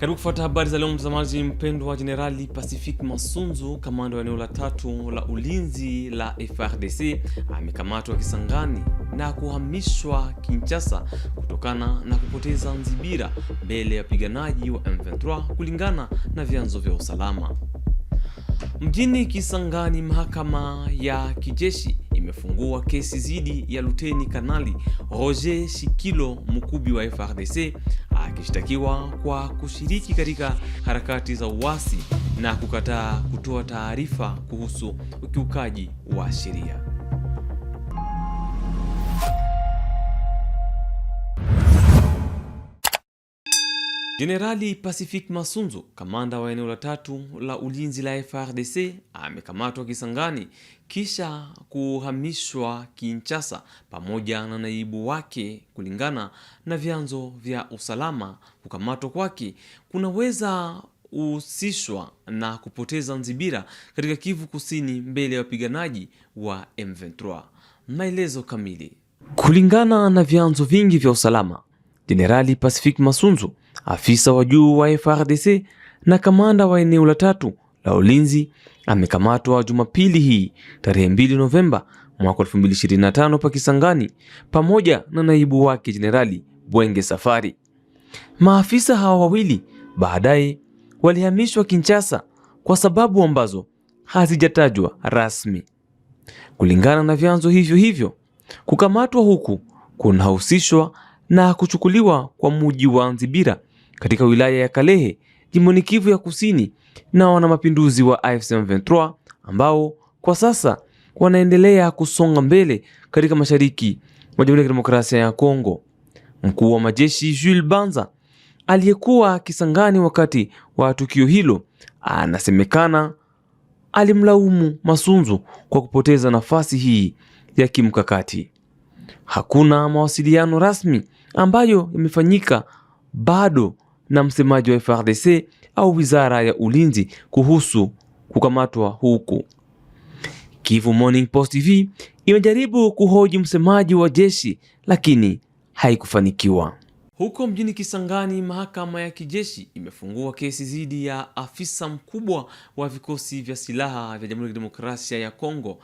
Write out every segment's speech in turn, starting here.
Karibu kufuata habari za leo mtazamaji mpendwa. Jenerali Pacific Masunzu, kamanda wa eneo la tatu la ulinzi la frdc amekamatwa Kisangani na kuhamishwa Kinshasa kutokana na kupoteza Nzibira mbele ya wapiganaji wa M23 kulingana na vyanzo vya usalama. Mjini Kisangani, mahakama ya kijeshi imefungua kesi zidi ya Luteni Kanali Roger Shikilo mkubi wa frdc akishtakiwa kwa kushiriki katika harakati za uasi na kukataa kutoa taarifa kuhusu ukiukaji wa sheria. Jenerali Pacific Masunzu, kamanda wa eneo la tatu la ulinzi la frdc amekamatwa Kisangani kisha kuhamishwa Kinshasa pamoja na naibu wake. Kulingana na vyanzo vya usalama, kukamatwa kwake kunaweza husishwa na kupoteza Nzibira katika Kivu Kusini mbele ya wapiganaji wa M23. Maelezo kamili. Kulingana na vyanzo vingi vya usalama, Jenerali Pacific Masunzu Afisa wa juu wa frdc na kamanda wa eneo la tatu la ulinzi amekamatwa Jumapili hii tarehe 2 Novemba mwaka 2025 pa Kisangani pamoja na naibu wake Jenerali Bwenge Safari. Maafisa hawa wawili baadaye walihamishwa Kinshasa kwa sababu ambazo hazijatajwa rasmi. Kulingana na vyanzo hivyo hivyo, kukamatwa huku kunahusishwa na kuchukuliwa kwa muji wa Nzibira katika wilaya ya Kalehe jimboni Kivu ya Kusini na wana mapinduzi wa AFC M23 ambao kwa sasa wanaendelea kusonga mbele katika mashariki mwa Jamhuri ya Kidemokrasia ya Kongo. Mkuu wa majeshi Jules Banza aliyekuwa Kisangani wakati wa tukio hilo anasemekana alimlaumu Masunzu kwa kupoteza nafasi hii ya kimkakati. Hakuna mawasiliano rasmi ambayo yamefanyika bado na msemaji wa FRDC au wizara ya ulinzi kuhusu kukamatwa huku. Kivu Morning Post TV imejaribu kuhoji msemaji wa jeshi lakini haikufanikiwa. Huko mjini Kisangani, mahakama ya kijeshi imefungua kesi dhidi ya afisa mkubwa wa vikosi vya silaha vya Jamhuri ya Kidemokrasia ya Kongo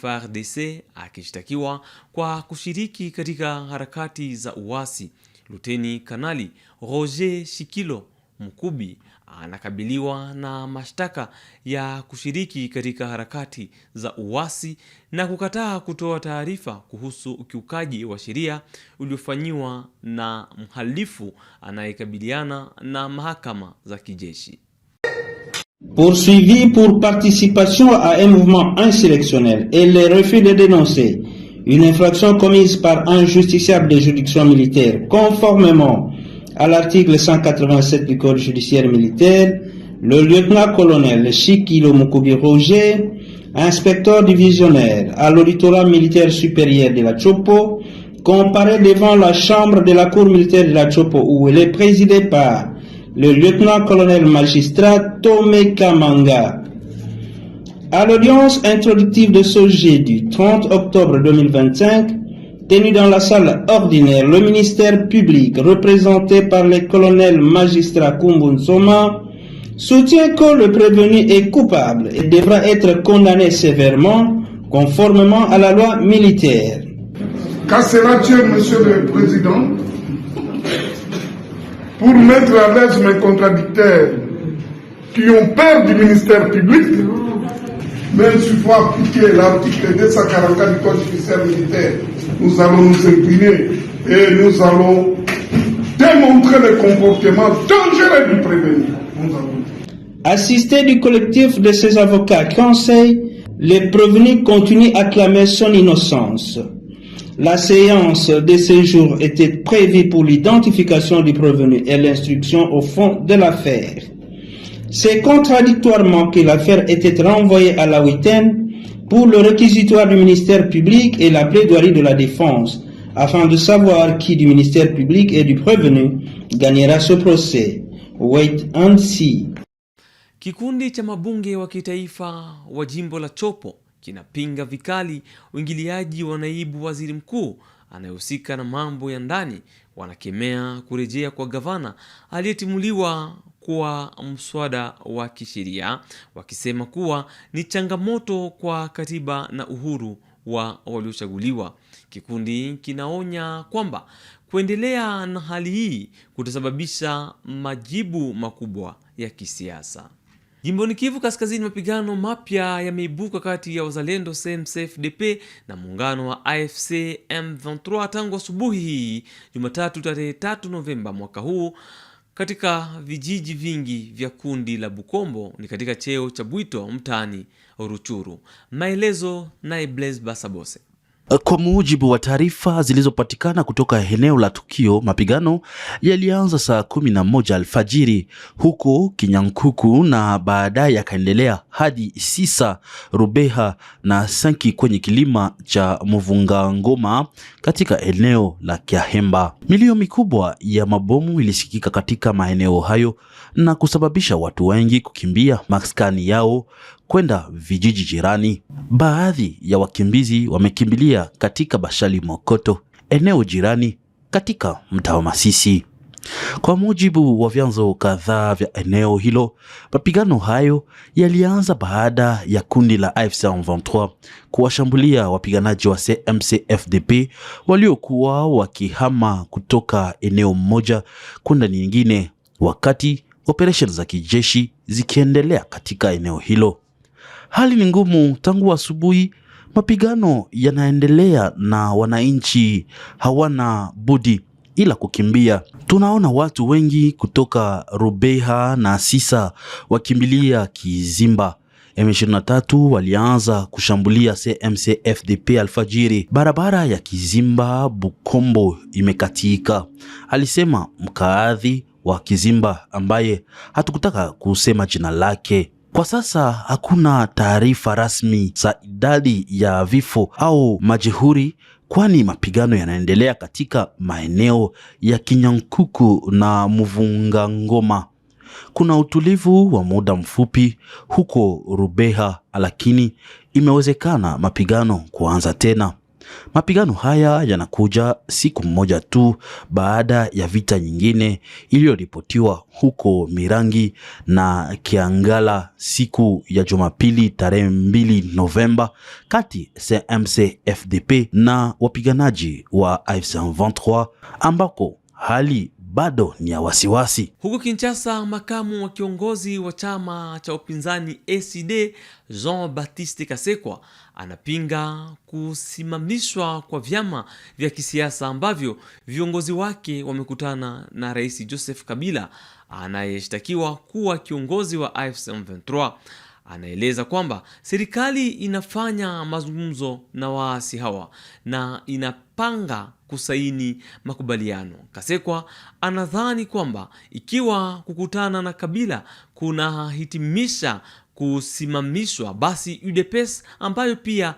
frdc akishtakiwa kwa kushiriki katika harakati za uasi Luteni Kanali Roger Shikilo Mkubi anakabiliwa na mashtaka ya kushiriki katika harakati za uasi na kukataa kutoa taarifa kuhusu ukiukaji wa sheria uliofanyiwa na mhalifu anayekabiliana na mahakama za kijeshi. Poursuivi pour participation à un mouvement insurrectionnel et le refus de dénoncer une infraction commise par un justiciable de juridiction militaire, conformément à l'article 187 du Code judiciaire militaire, le lieutenant-colonel Shikilo Mukubi Roger, inspecteur divisionnaire à l'auditorat militaire supérieur de la Chopo, comparaît devant la chambre de la cour militaire de la Chopo où elle est présidée par le lieutenant-colonel magistrat Tome Kamanga, à l'audience introductive de ce du 30 octobre 2025, tenue dans la salle ordinaire, le ministère public, représenté par le colonel magistrat Kumbun Soma, soutient que le prévenu est coupable et devra être condamné sévèrement, conformément à la loi militaire. Car cela il Monsieur le Président, pour mettre à l'aise mes contradicteurs qui ont peur du ministère public même si faut appliquer l'article 244 du Code judiciaire militaire, nous allons nous imprimer et nous allons démontrer le comportement dangereux du prévenu. Assisté du collectif de ses avocats conseil, les prévenus continuent à clamer son innocence. La séance de séjour était prévue pour l'identification du prévenu et l'instruction au fond de l'affaire. C'est contradictoirement que l'affaire était renvoyée à la WITEN pour le réquisitoire du ministère public et la plaidoirie de la défense, afin de savoir qui du ministère public et du prévenu gagnera ce procès. Wait and see. Kikundi cha mabunge wa kitaifa wa jimbo la Chopo kinapinga vikali uingiliaji wa naibu waziri mkuu anayehusika na mambo ya ndani wanakemea kurejea kwa gavana aliyetimuliwa kwa mswada wa kisheria, wakisema kuwa ni changamoto kwa katiba na uhuru wa waliochaguliwa. Kikundi kinaonya kwamba kuendelea na hali hii kutasababisha majibu makubwa ya kisiasa. Jimboni Kivu Kaskazini, mapigano mapya yameibuka kati ya wazalendo cmcfdp na muungano wa AFC M23 tangu asubuhi hii Jumatatu tarehe 3 Novemba mwaka huu katika vijiji vingi vya kundi la Bukombo ni katika cheo cha Bwito mtaani Oruchuru. Maelezo naye Blaise Basabose. Eh, kwa mujibu wa taarifa zilizopatikana kutoka eneo la tukio, mapigano yalianza saa kumi na moja alfajiri huko Kinyankuku na baadaye yakaendelea hadi Sisa, Rubeha na Sanki kwenye kilima cha ngoma katika eneo la Kiahemba. Milio mikubwa ya mabomu ilisikika katika maeneo hayo na kusababisha watu wengi kukimbia maskani yao kwenda vijiji jirani. Baadhi ya wakimbizi wamekimbilia katika Bashali Mokoto, eneo jirani katika mtaa wa Masisi. Kwa mujibu wa vyanzo kadhaa vya eneo hilo, mapigano hayo yalianza baada ya kundi la AFC M23 kuwashambulia wapiganaji wa CMCFDP waliokuwa wakihama kutoka eneo mmoja kwenda nyingine, wakati operesheni za kijeshi zikiendelea katika eneo hilo. Hali ni ngumu tangu asubuhi, mapigano yanaendelea na wananchi hawana budi ila kukimbia. Tunaona watu wengi kutoka Rubeha na Sisa wakimbilia Kizimba. M23 walianza kushambulia cmcfdp alfajiri. Barabara ya Kizimba Bukombo imekatika, alisema mkaadhi wa Kizimba ambaye hatukutaka kusema jina lake. Kwa sasa hakuna taarifa rasmi za idadi ya vifo au majeruhi, kwani mapigano yanaendelea katika maeneo ya Kinyankuku na Ngoma. Kuna utulivu wa muda mfupi huko Rubeha, lakini imewezekana mapigano kuanza tena. Mapigano haya yanakuja siku mmoja tu baada ya vita nyingine iliyoripotiwa huko Mirangi na Kiangala siku ya Jumapili tarehe 2 Novemba kati CMC FDP na wapiganaji wa AFC M23 ambako hali bado ni ya wasiwasi. Huko Kinshasa, makamu wa kiongozi wa chama cha upinzani ACD Jean Baptiste Kasekwa anapinga kusimamishwa kwa vyama vya kisiasa ambavyo viongozi wake wamekutana na Rais Joseph Kabila anayeshtakiwa kuwa kiongozi wa AFC M23. Anaeleza kwamba serikali inafanya mazungumzo na waasi hawa na inapanga kusaini makubaliano. Kasekwa anadhani kwamba ikiwa kukutana na Kabila kunahitimisha kusimamishwa basi UDPS ambayo pia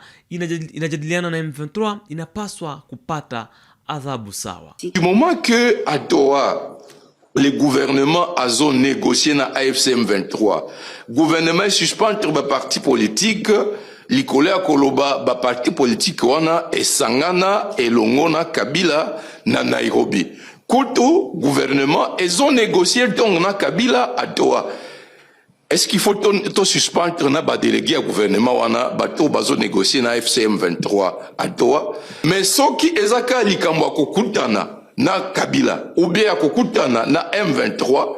inajadiliana na M23 inapaswa kupata adhabu sawa. Du moment le gouvernement a zone négocié na AFCM 23 gouvernement e suspendre baparti politike likolo coloba, koloba parti politique wana Sangana et Longona kabila na nairobi kutu gouvernement négocié donc na kabila atoa est-ce qu'il faut tosuspendre to na délégué à gouvernement wana bato négocié na fcm 23 atoa mais soki ezaka likambo ya na kabila ou à kokutana na m23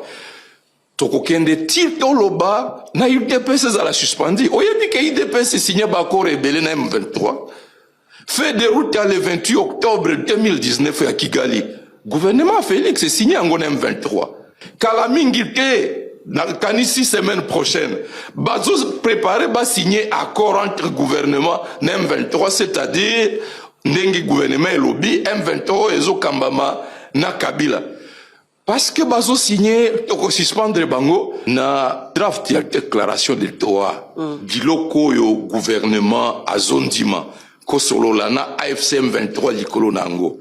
tokokende ti toloba na udps ezala suspendi oyebi ke udps signé ba accord na m23 fait de route le 28 octobre 2019 à kigali gouvernement félix esinye signé en m23 kala na te semaine prochaine ba signer accord entre gouvernement na m23 c'est-à-dire ndenge gouvernement lobby M23 oyo ezokambama na Kabila parce que bazo signé suspendre bango na draft ya déclaration toa mm. biloko au gouvernement azondima solo lana afc m23 li kolonango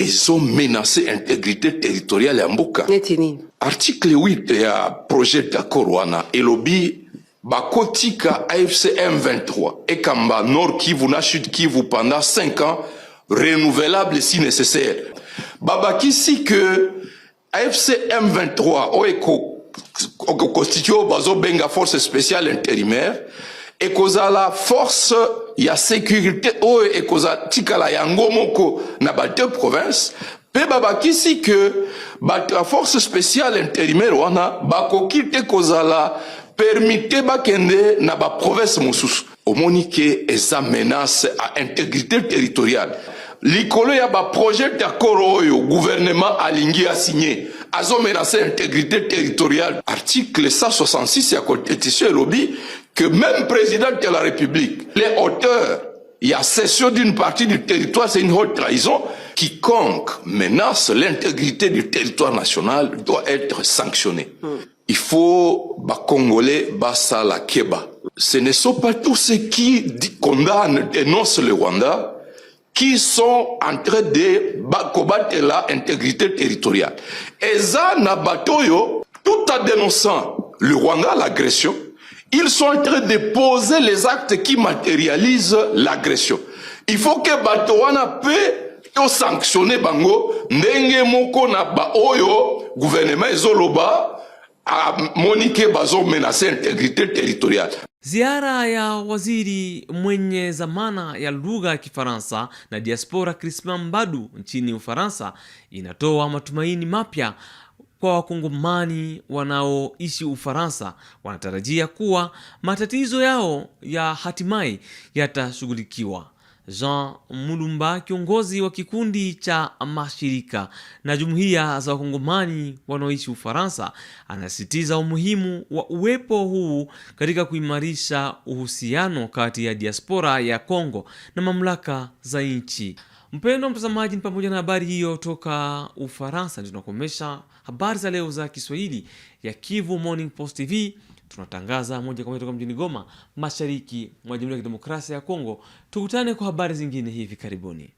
ils mm. ont menacé intégrité territoriale et mboka article 8 ya projet d'accord wana elobi bakotika AFC M23 ekamba Nord Kivu na Sud Kivu pendant 5 ans renouvelable si nécessaire si que AFC M23 oyo bazo Benga force spéciale intérimaire la force ya sécurité oyo ekozatikala yango moko na bate province qui babakisi que la force spéciale intérimaire wana bakoki te kozala Permettez-moi permite Au na où il omoni ke eza menace à intégrité territoriale a ya projet d'accord oyo gouvernement alingi azo menacé l'intégrité territoriale article 166 ya constitution lobby, que même président de la république les auteurs a cession d'une partie du territoire c'est une haute trahison quiconque menace l'intégrité du territoire national doit être sanctionné hmm il faut ba la keba. Ce ne sont pas tous ceux qui condamnent, dénoncent le Rwanda, qui sont en train de combattre la intégrité territoriale. Et ça, Nabatoyo, tout en dénonçant le Rwanda, l'agression, ils sont en train de poser les actes qui matérialisent l'agression. Il faut que Batoana peut sanctionner Bango, Ndenge Moko gouvernement Zoloba, amonike ah, menase integrite territorial. Ziara ya waziri mwenye zamana ya lugha ya Kifaransa na diaspora Crispin Mbadu nchini Ufaransa inatoa matumaini mapya kwa wakongomani wanaoishi Ufaransa. Wanatarajia kuwa matatizo yao ya hatimaye yatashughulikiwa. Jean Mulumba, kiongozi wa kikundi cha mashirika na jumuiya za wakongomani wanaoishi Ufaransa, anasisitiza umuhimu wa uwepo huu katika kuimarisha uhusiano kati ya diaspora ya Kongo na mamlaka za nchi. Mpendwa mtazamaji, ni pamoja na habari hiyo toka Ufaransa, ndio tunakomesha habari za leo za Kiswahili ya Kivu Morning Post TV tunatangaza moja kwa moja kutoka mjini Goma, mashariki mwa Jamhuri ya Kidemokrasia ya Kongo. Tukutane kwa habari zingine hivi karibuni.